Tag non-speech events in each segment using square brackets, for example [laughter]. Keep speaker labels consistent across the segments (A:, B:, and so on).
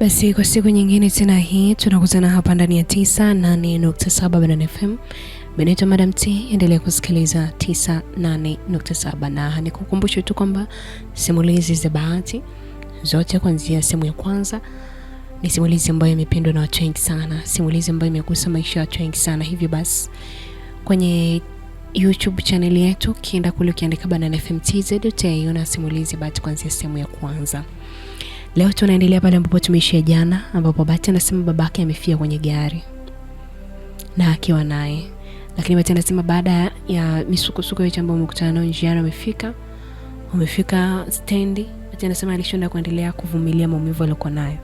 A: Basi kwa siku nyingine tena hii tunakutana hapa ndani ya 98.7 Banana FM. Mnaitwa Madam T, endelea kusikiliza 98.7 na nikukumbushe tu kwamba simulizi za bahati zote kuanzia sehemu ya kwanza ni simulizi ambayo imependwa na watu wengi sana, simulizi ambayo imegusa maisha ya watu wengi sana. Hivyo basi kwenye YouTube channel yetu kienda kule, ukiandika Banana FM TZ utaiona simulizi bahati kuanzia sehemu ya kwanza. Leo tunaendelea pale ambapo tumeishia jana, ambapo bati anasema babake amefia kwenye gari na akiwa naye, lakini bati anasema baada ya misukusuku yote ambayo umekutana nayo njiani, umefika umefika stendi. bati anasema alishinda kuendelea kuvumilia maumivu aliyokuwa nayo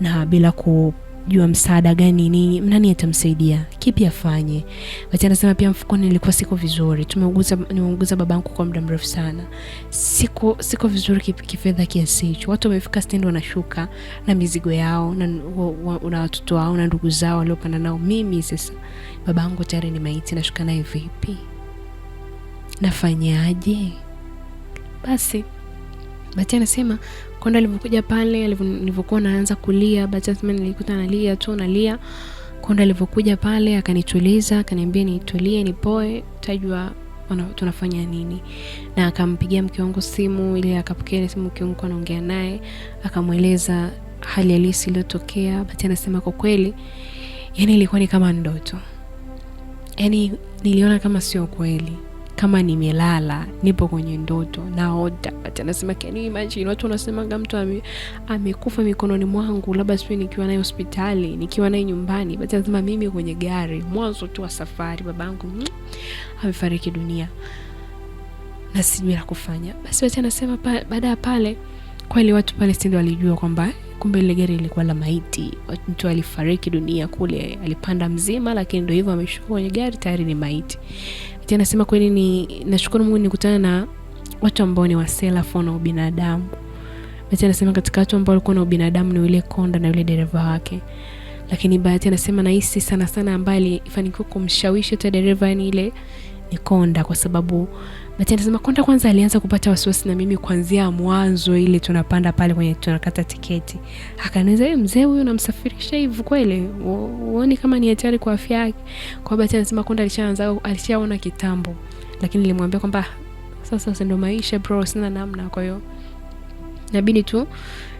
A: na bila ku jua msaada gani nini, nani atamsaidia, kipi afanye. Bati anasema pia mfukoni nilikuwa siko vizuri, tumeuguza babangu kwa muda mrefu sana, siko siko vizuri kifedha kiasi hicho. Watu wamefika stendi wanashuka na mizigo yao na na watoto wao na ndugu zao waliopanda nao. Mimi sasa babangu tayari ni maiti, nashuka naye vipi? Nafanyaje? Basi Bati anasema kwa alivyokuja pale, alivyokuwa naanza kulia, by nilikuta nalia tu nalia. Kwa alivyokuja pale akanituliza, akaniambia nitulie, nipoe, tajua tunafanya nini. Na akampigia mke wangu simu, ili akapokea simu, mke wangu anaongea naye, akamweleza hali halisi iliyotokea. bati anasema kwa kweli, yani ilikuwa ni kama ndoto, yani niliona kama sio kweli kama nimelala nipo kwenye ndoto naota, but anasema can you imagine, watu wanasemanga mtu ame, amekufa mikononi mwangu, labda siu nikiwa naye hospitali nikiwa naye nyumbani, bati anasema mimi kwenye gari mwanzo tu wa safari babangu hmm, amefariki dunia na sijui la kufanya. Basi anasema baada ya pale Kweli watu Palestine walijua kwamba kumbe ile gari ilikuwa la maiti, mtu alifariki dunia kule, alipanda mzima, lakini ndio hivyo, ameshuka kwenye gari tayari ni maiti. Anasema kweli, ni nashukuru Mungu nikutana na watu ambao ni waselafu na ubinadamu. Anasema katika watu ambao walikuwa na ubinadamu ni yule konda na yule dereva wake lakini bahati anasema nahisi sana sana ambaye alifanikiwa kumshawishi hata dereva ni ile ni Konda, kwa sababu Matatizo Makonda kwanza alianza kupata wasiwasi na mimi kuanzia mwanzo, ile tunapanda pale kwenye tunakata tiketi, akaniza yeye eh, mzee huyu namsafirisha hivi kweli, uone kama ni hatari kwa afya yake. Kwa Matatizo Makonda alishaanza alishaona kitambo, lakini nilimwambia kwamba sasa sasa ndo maisha bro, sina namna, kwa hiyo inabidi tu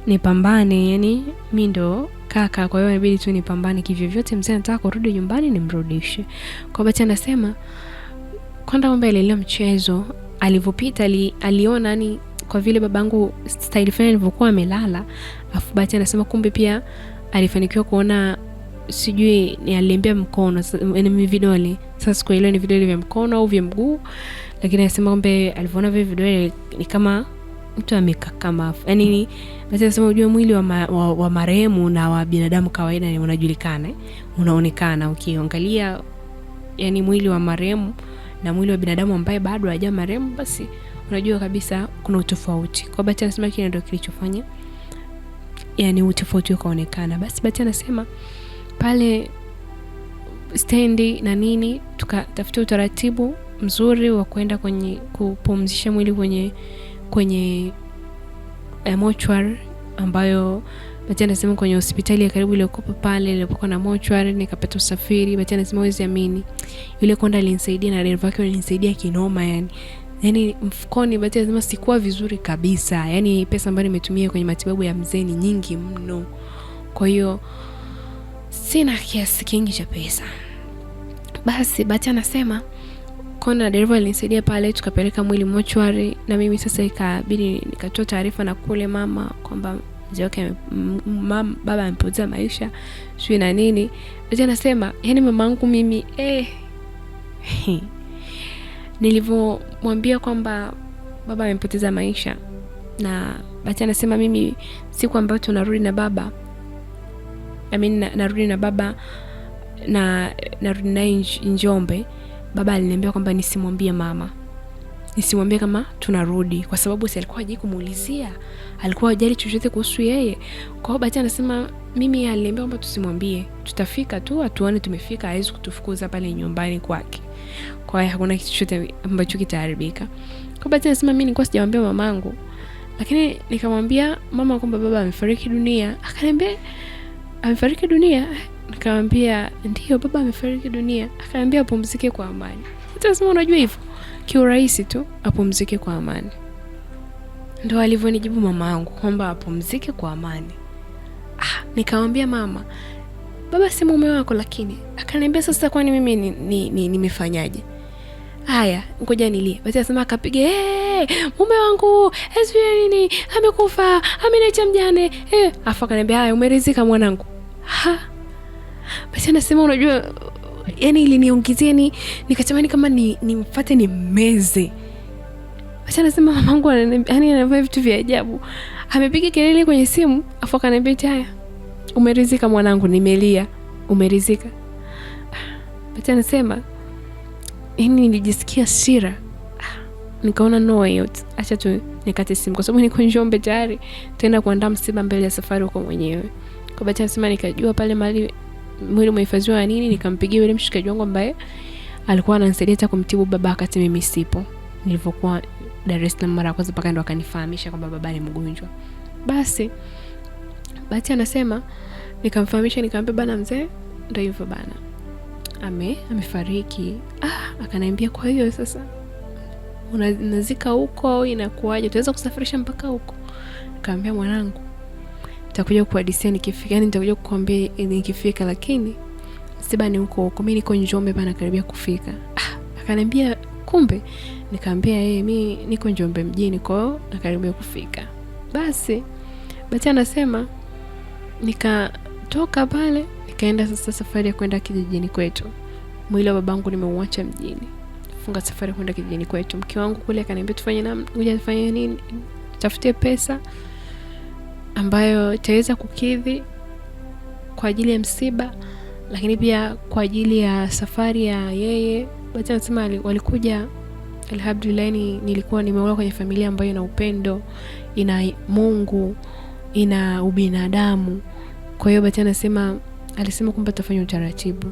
A: nipambane, yani mi ndo kaka, kwa hiyo inabidi tu nipambane kivyovyote. Mzee anataka kurudi nyumbani, nimrudishe. Kwa Bahati anasema Konda Omba alielewa mchezo alivyopita, ali, aliona ni kwa vile babangu staili fulani alivyokuwa amelala, afu Bahati anasema kumbe pia alifanikiwa kuona sijui aliambia mkono ni vidole. Sasa sikuelewa ni vidole vya mkono au vya mguu, lakini anasema kumbe alivyoona vile vidole ni kama mtu amekakama, yani basi anasema ujue mwili wa, ma, wa, wa marehemu na wa binadamu kawaida ni unajulikana, unaonekana ukiangalia, okay, yani mwili wa marehemu na mwili wa binadamu ambaye bado hajawa marehemu, basi unajua kabisa kuna utofauti. Kwa Bahati anasema kile ndio kilichofanya yani utofauti ukaonekana. Basi Bahati anasema pale stendi na nini, tukatafuta utaratibu mzuri wa kwenda kwenye kupumzisha mwili kwenye kwenye eh, mochwar ambayo Bati anasema kwenye hospitali ya karibu iliyokopa pale ilipokuwa na mochwari, nikapata usafiri. Bati anasema wezi amini, yule konda alinisaidia na dereva wake alinisaidia kinoma, yani Yaani mfukoni. Bati anasema sikuwa vizuri kabisa, Yaani pesa ambayo nimetumia kwenye matibabu ya mzee ni nyingi mno, kwa hiyo sina kiasi kingi cha pesa. Basi Bati anasema kona dereva alinisaidia pale, tukapeleka mwili mochwari, na mimi sasa ikabidi nikatoa taarifa na kule mama kwamba mzee wake baba amepoteza maisha sijui na nini. Mzee anasema yani, mamangu mimi eh, [laughs] nilivyomwambia kwamba baba amepoteza maisha, na bati anasema mimi siku ambayo tunarudi na baba I mean, na, narudi na baba na narudi naye Njombe, baba aliniambia kwamba nisimwambie mama nisimwambie kama tunarudi, kwa sababu si alikuwa hajai kumuulizia, alikuwa hajali chochote kuhusu yeye. Kwa hiyo Bahati anasema mimi aliniambia kwamba tusimwambie, tutafika tu atuone tumefika, hawezi kutufukuza pale nyumbani kwake, kwa hiyo hakuna kitu chochote ambacho kitaharibika. Kwa Bahati anasema mimi nilikuwa sijamwambia mamangu, lakini nikamwambia mama kwamba baba amefariki dunia. Akaniambia amefariki dunia? Nikamwambia ndio baba amefariki dunia. Akaniambia apumzike kwa amani. Unajua hivyo kiurahisi tu apumzike kwa amani. Ndo alivyonijibu mama yangu kwamba apumzike kwa amani. Ah, nikamwambia mama, baba si mume wako, lakini akaniambia sasa, kwani mimi nimefanyaje? ni, ni, ni haya, ngoja nilie basi. Asema akapiga hey, mume wangu nini amekufa, ameniacha mjane hey. Afu akaniambia haya, umerizika mwanangu. Ha, basi anasema unajua yani iliniongezea yani, nikatamani kama ni nimfate ni meze basi. Anasema mamangu yani anafanya vitu vya ajabu. Amepiga kelele kwenye simu, afu akaniambia eti, haya, umerizika mwanangu, nimelia, umerizika. Basi anasema yani nilijisikia sira, nikaona no acha tu nikate simu, kwa sababu niko Njombe tayari, taenda kuandaa msiba mbele ya safari huko mwenyewe. Kwa Bati anasema nikajua pale mali mwili umehifadhiwa ya nini, nikampigia yule mshikaji wangu ambaye alikuwa ananisaidia hata kumtibu baba wakati mimi sipo, nilivyokuwa Dar es Salaam mara ya kwanza, mpaka ndo akanifahamisha kwamba baba ni mgonjwa. Basi Bahati anasema nikamfahamisha, nikamwambia bana, mzee ndio hivyo bana, ame amefariki. Ah, akaniambia kwa hiyo sasa unazika huko au inakuaje Utaweza kusafirisha mpaka huko? Nikamwambia mwanangu nitakuja kuadisia nikifika, yani nitakuja kukwambia nikifika, lakini msiba ni huko huko, mi niko Njombe bana, karibia kufika. Ah, akaniambia kumbe. Nikaambia yeye eh, mi niko Njombe mjini, kwa hiyo nakaribia kufika. Basi Bati anasema nikatoka pale nikaenda sasa safari ya kwenda kijijini kwetu. Mwili wa babangu nimeuacha mjini, funga safari kwenda kijijini kwetu. Mke wangu kule akaniambia tufanye na tufanye nini, tafutie pesa ambayo itaweza kukidhi kwa ajili ya msiba, lakini pia kwa ajili ya safari ya yeye. Bahati anasema walikuja, alhamdulillah, yaani nilikuwa nimeolewa kwenye familia ambayo ina upendo, ina Mungu, ina ubinadamu. Kwa hiyo Bahati anasema alisema kwamba tutafanya utaratibu,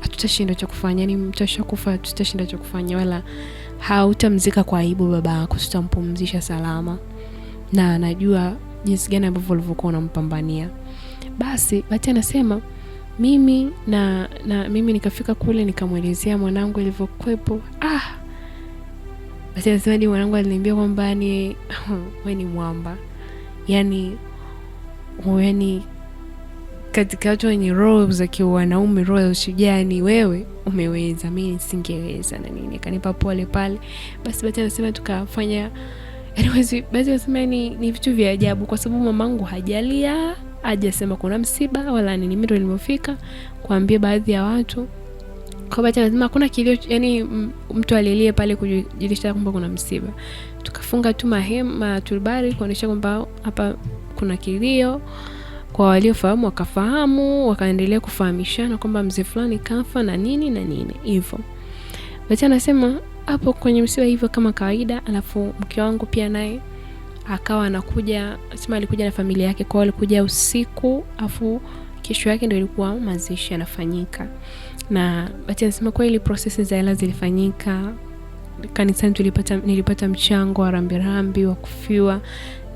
A: hatutashinda cha kufanya, ni yaani mtosha kufa tutashinda cha kufanya, wala hautamzika kwa aibu baba yako, tutampumzisha salama, na anajua jinsi gani ambavyo walivyokuwa wanampambania. Basi Bahati anasema mimi na, na mimi nikafika kule nikamwelezea mwanangu ilivyokuwepo. Ah, basi anasema ni mwanangu aliniambia kwamba ni yaani, [laughs] we ni mwamba, yani ni yaani, katika watu wenye roho za kiwanaume, roho za ushujaa, ni wewe umeweza, mi nisingeweza na nini. Akanipa pole pale. Basi Bahati anasema tukafanya Anyways, basi wasema ni, ni vitu vya ajabu kwa sababu mamangu hajalia, hajasema kuna msiba wala nini. Mimi ndo nilimofika kuambia baadhi ya watu anasema kuna kilio, yani mtu alilie pale kujulisha kwamba kuna msiba. Tukafunga tu mahema turubari kuonesha kwamba hapa kuna kilio. Kwa waliofahamu wakafahamu, wakaendelea kufahamishana kwamba mzee fulani kafa na nini na nini hivyo. Basi anasema hapo kwenye msiba hivyo kama kawaida. Alafu mke wangu pia naye akawa anakuja, sema alikuja na familia yake, kwao alikuja usiku, afu kesho yake ndio ilikuwa mazishi yanafanyika. Na bahati nasema kweli prosesi za hela zilifanyika kanisani, tulipata nilipata mchango wa rambirambi wa kufiwa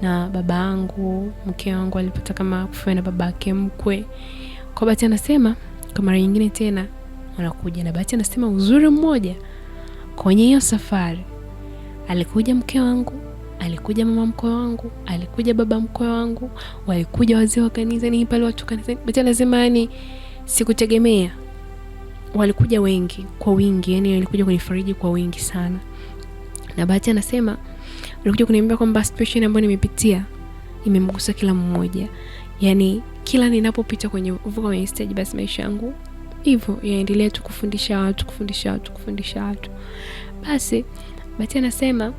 A: na baba yangu. Mke wangu alipata kama kufiwa na baba yake mkwe. Kwa bati anasema kwa mara nyingine tena wanakuja, na bati anasema uzuri mmoja Kwenye hiyo safari alikuja mke wangu, alikuja mama mkwe wangu, alikuja baba mkwe wangu, walikuja wazee wa kanisani pale, watu kanisani lazima yani sikutegemea, walikuja wengi kwa wingi, yani walikuja kunifariji kwa wingi sana. Na Bahati anasema walikuja kuniambia kwamba situation ambayo nimepitia imemgusa kila mmoja, yani kila ninapopita kwenye uvuka kwenye stage, basi maisha yangu hivyo yaendelea tu kufundisha watu kufundisha watu kufundisha watu. Basi bati anasema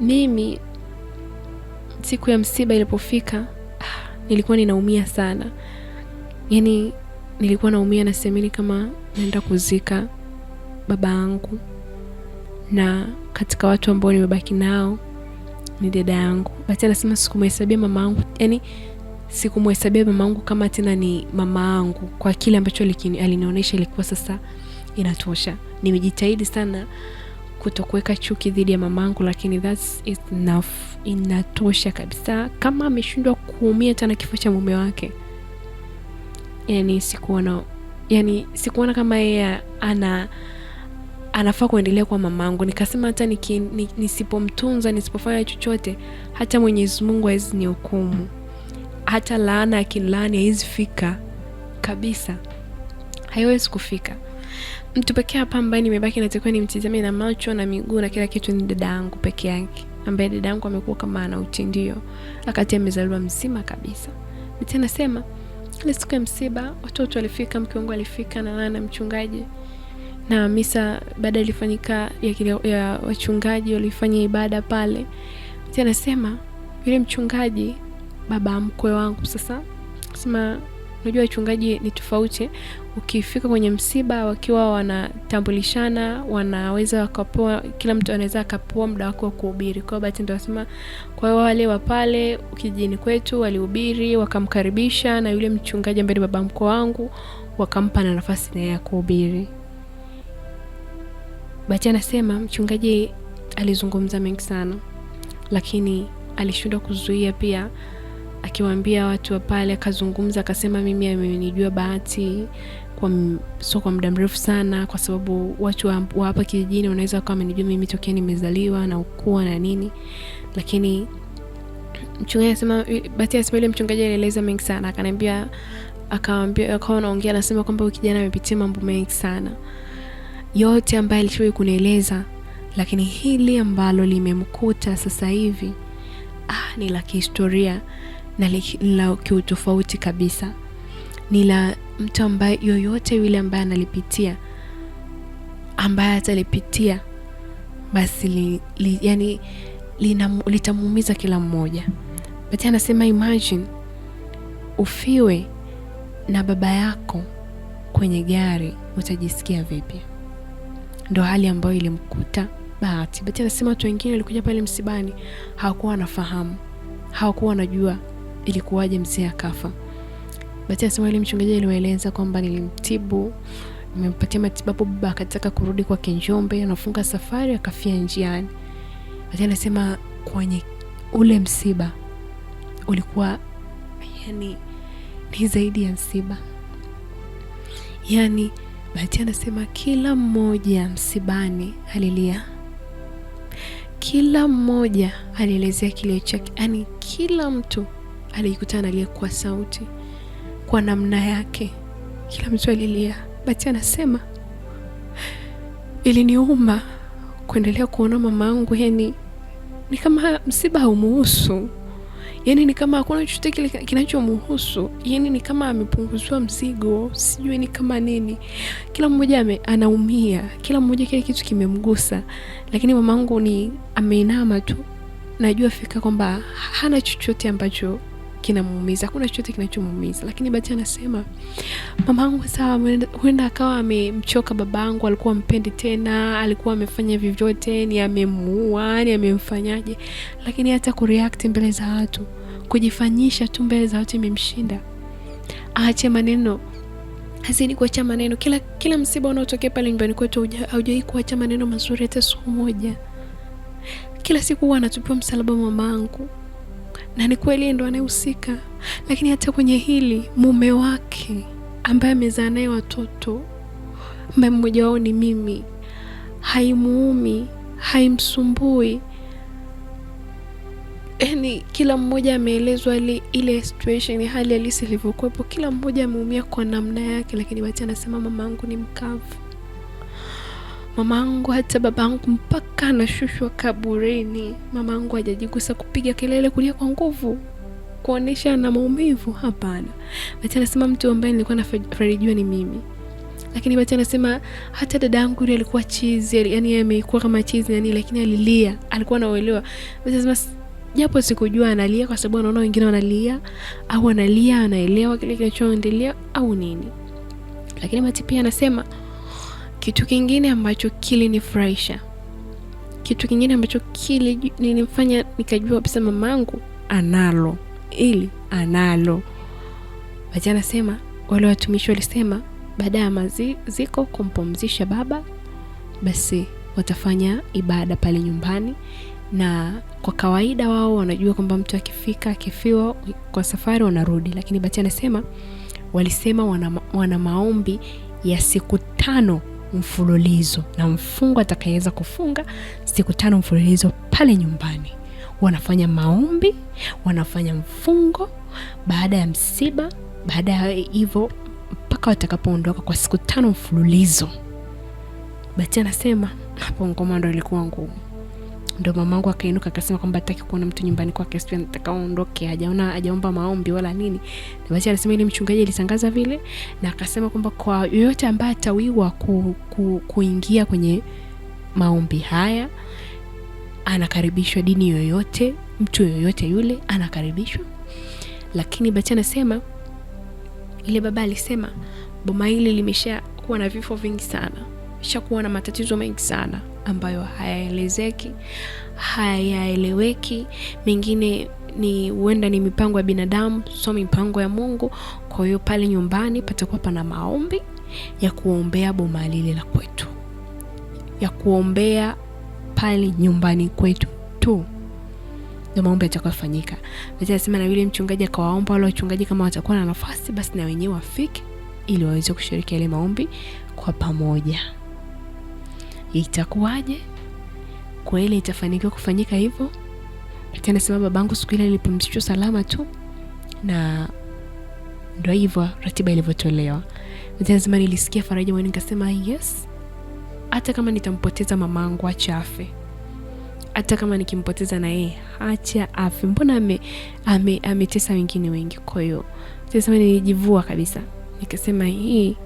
A: mimi siku ya msiba ilipofika, ah, nilikuwa ninaumia sana, yani nilikuwa naumia, nasemeni kama naenda kuzika baba yangu, na katika watu ambao nimebaki nao ni dada yangu. bati anasema sikumhesabia mama yangu, yani sikumhesabia mamaangu kama tena ni mama angu kwa kile ambacho alinionyesha, ilikuwa sasa inatosha. Nimejitahidi sana kutokuweka chuki dhidi ya mama angu lakini that's enough, inatosha kabisa. Kama ameshindwa kuumia tena kifo cha mume wake, yani sikuona, yani sikuona kama yeye ana anafaa kuendelea kwa angu Nikasema hata nisipomtunza, nisipofanya chochote, hata Mwenyezi Mungu ni hukumu hata laana ya kilaani haizi fika kabisa, haiwezi kufika. Mtu pekee hapa ambaye nimebaki natakiwa nimtizame na macho na miguu na kila kitu ni dada yangu peke yake, ambaye dada yangu amekuwa kama ana utindio, akati amezaliwa mzima kabisa. Nita nasema ile siku ya msiba watoto walifika, mke wangu alifika na nana mchungaji na misa baada ilifanyika ya, ya wachungaji walifanya ibada pale. Nita nasema yule mchungaji baba mkwe wangu. Sasa sema unajua wachungaji ni tofauti. Ukifika kwenye msiba wakiwa wanatambulishana, wanaweza wakapewa, kila mtu anaweza akapewa muda wake wa kuhubiri. kwao hiyo bahati wasema, kwa hiyo wale wa pale kijijini kwetu walihubiri, wakamkaribisha na yule mchungaji ambaye ni baba mkwe wangu, wakampa na nafasi naye ya kuhubiri. Bahati anasema mchungaji alizungumza mengi sana, lakini alishindwa kuzuia pia akiwaambia watu wa pale, akazungumza akasema, mimi amenijua Bahati kwa so kwa muda mrefu sana, kwa sababu watu wa, hapa kijijini wanaweza kuwa amenijua mimi tokea nimezaliwa na ukua na nini, lakini mchungaji anasema, Bahati yule mchungaji alieleza mengi sana, akaniambia akawa anaongea anasema kwamba huyu kijana amepitia mambo mengi sana, yote ambayo alishawahi kunieleza, lakini hili ambalo limemkuta sasa hivi ah, ni la kihistoria na la kiutofauti kabisa, ni la mtu ambaye yoyote yule ambaye analipitia ambaye atalipitia basi li, li, yani litamuumiza kila mmoja. Bati anasema imagine ufiwe na baba yako kwenye gari, utajisikia vipi? Ndo hali ambayo ilimkuta Bahati. Bati anasema watu wengine walikuja pale msibani hawakuwa wanafahamu, hawakuwa wanajua ilikuwaje mzee akafa. Basi anasema yule mchungaji aliwaeleza kwamba nilimtibu, nimempatia matibabu, baba akataka kurudi kwa kinjombe anafunga safari, akafia njiani. Basi anasema kwenye ule msiba ulikuwa yani ni zaidi ya msiba, yani Bahati anasema kila mmoja msibani alilia, kila mmoja alielezea kilio chake, yani kila mtu alijikutana aliyekuwa sauti kwa namna yake. Kila mtu alilia. Bati anasema iliniuma kuendelea kuona mama yangu, yani ni kama msiba haumuhusu, yani ni kama hakuna chochote kile kinachomuhusu, yani ni kama amepunguziwa mzigo, sijui ni kama nini. Kila mmoja anaumia, kila mmoja kile kitu kimemgusa, lakini mama yangu ni ameinama tu. Najua fika kwamba hana chochote ambacho kinamuumiza, hakuna chochote kinachomuumiza. Lakini Bahati anasema mamangu sawa, huenda akawa amemchoka babangu, alikuwa mpendi tena, alikuwa amefanya vyovyote, ni amemuua, ni amemfanyaje, lakini hata kureact mbele za watu, kujifanyisha tu mbele za watu imemshinda. Aache maneno hazidi kuacha maneno. Kila kila msiba unaotokea pale nyumbani kwetu haujawahi kuacha maneno mazuri hata siku moja. Kila siku huwa anatupiwa msalaba mamangu na ni kweli ndo anayehusika, lakini hata kwenye hili mume wake ambaye amezaa naye watoto ambaye mmoja wao ni mimi, haimuumi haimsumbui. Yani kila mmoja ameelezwa ile situation, hali halisi ilivyokuwepo. Kila mmoja ameumia kwa namna yake, lakini Bahati anasema mama yangu ni mkavu mamangu hata babangu mpaka anashushwa kaburini, mamangu hajajigusa kupiga kelele, kulia kwa nguvu, kuonesha na maumivu. Hapana. bati anasema mtu ambaye nilikuwa nafarijiwa ni mimi, lakini bati anasema hata dada yangu yule alikuwa chizi, yani yeye amekuwa kama chizi yani, lakini alilia, alikuwa anaoelewa. Bahati anasema japo sikujua analia kwa sababu anaona wengine wanalia, au analia anaelewa kile kinachoendelea au nini, lakini bati pia anasema kitu kingine ambacho kilinifurahisha, kitu kingine ambacho kilinifanya nikajua kabisa mamangu analo ili analo bacha, anasema wale watumishi walisema baada ya maziko kumpumzisha baba, basi watafanya ibada pale nyumbani, na kwa kawaida wao wanajua kwamba mtu akifika akifiwa kwa safari wanarudi, lakini bati anasema walisema wana, wana maombi ya siku tano mfululizo, na mfungo atakayeweza kufunga siku tano mfululizo pale nyumbani. Wanafanya maombi, wanafanya mfungo baada ya msiba, baada ya hivyo mpaka watakapoondoka kwa siku tano mfululizo. bati anasema hapo ngoma ndo ilikuwa ngumu. Ndo mamangu akainuka akasema kwamba ataki kuona mtu nyumbani kwake, sijui anataka aondoke, hajaona hajaomba maombi wala nini. Na basi alisema ile mchungaji alitangaza vile, na akasema kwamba kwa yoyote ambaye atawiwa ku, ku, kuingia kwenye maombi haya anakaribishwa, dini yoyote, mtu yoyote yule anakaribishwa. Lakini basi anasema ile baba alisema boma hili limeshakuwa na vifo vingi sana, shakuwa na matatizo mengi sana ambayo hayaelezeki, hayaeleweki. Mengine ni huenda ni mipango ya binadamu, sio mipango ya Mungu. Kwa hiyo pale nyumbani patakuwa pana maombi ya kuombea boma lile la kwetu, ya kuombea pale nyumbani kwetu tu ndio maombi yatakayofanyika. Nasema na yule mchungaji akawaomba wale wachungaji, kama watakuwa na nafasi, basi na wenyewe wafike ili waweze kushiriki yale maombi kwa pamoja itakuwaje? Kweli itafanikiwa kufanyika hivyo? Anasema babangu siku ile nilipumzishwa salama tu, na ndo hivyo ratiba ilivyotolewa. Lazima nilisikia faraja moyoni, nikasema yes, hata kama nitampoteza mamangu, acha afe hata kama nikimpoteza na yeye acha afe. mbona ametesa ame wengine wengi. Kwa hiyo sema nilijivua kabisa, nikasema hii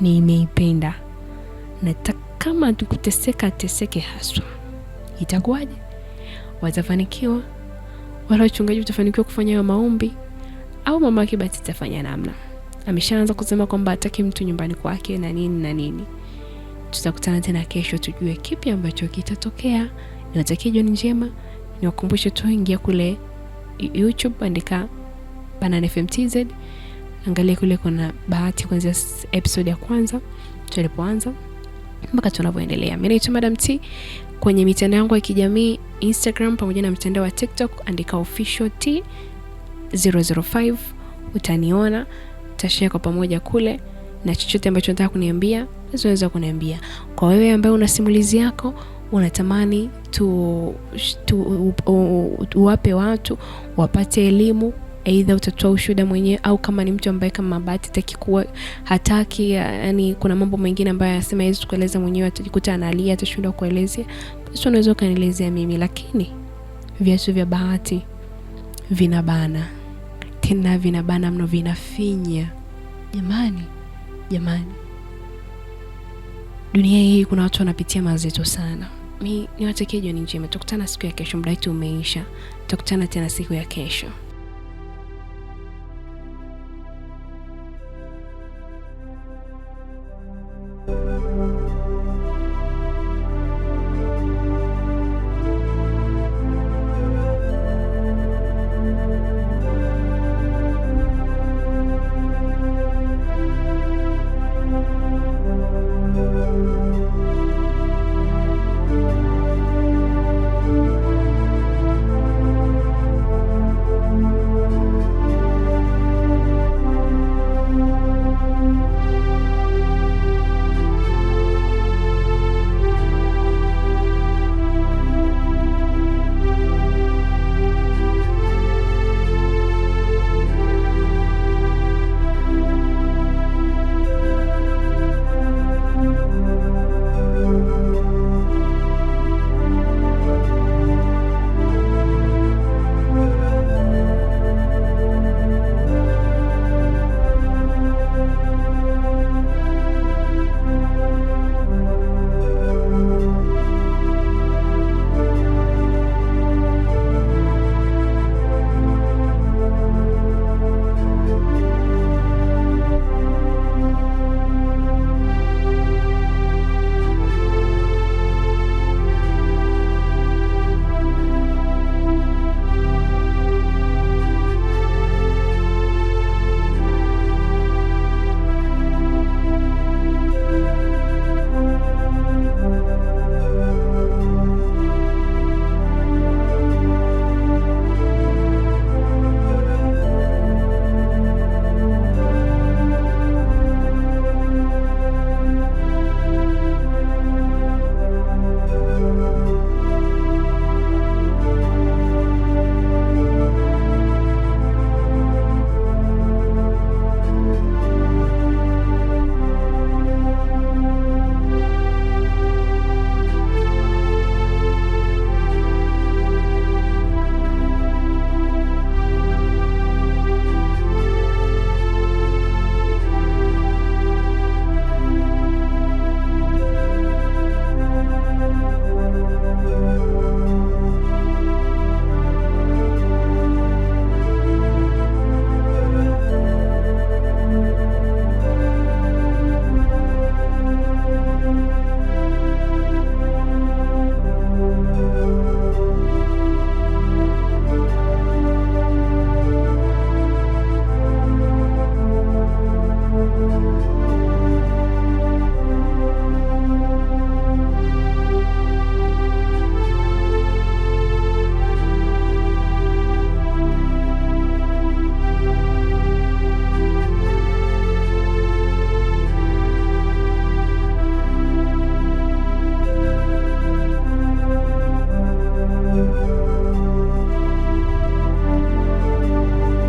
A: nimeipenda, nataka kama tukuteseka teseke haswa, itakuwaje? Watafanikiwa wala wachungaji watafanikiwa kufanya hayo maombi, au mama yake basi atafanya namna? Ameshaanza kusema kwamba hataki mtu nyumbani kwake na nini na nini. Tutakutana tena kesho, tujue kipi ambacho kitatokea. Niwatakie jioni njema, niwakumbushe tu, ingia kule YouTube, andika Banana angalia kule kuna Bahati kuanzia episode ya kwanza tulipoanza mpaka tunavyoendelea. Mimi naitwa Madam T kwenye mitandao yangu ya kijamii Instagram pamoja na mtandao wa TikTok, andika official T 005 utaniona, tashare kwa pamoja kule, na chochote ambacho nataka kuniambia unaweza kuniambia. Kwa wewe ambaye una simulizi yako unatamani tu, tu, u, u, u, uwape watu wapate elimu aidha utatoa ushuhuda mwenyewe au kama ni mtu ambaye kama bahati takikuwa hataki, yani kuna mambo mengine ambayo anasema hawezi tukueleza mwenyewe, atajikuta analia, atashindwa kuelezea, basi unaweza ukanielezea mimi. Lakini viatu vya bahati vina bana tena vina bana mno, vinafinya. Jamani, jamani, dunia hii kuna watu wanapitia mazito sana. Mi niwatakie jioni njema, tukutana siku ya kesho. Mdaitu umeisha, tukutana tena siku ya kesho.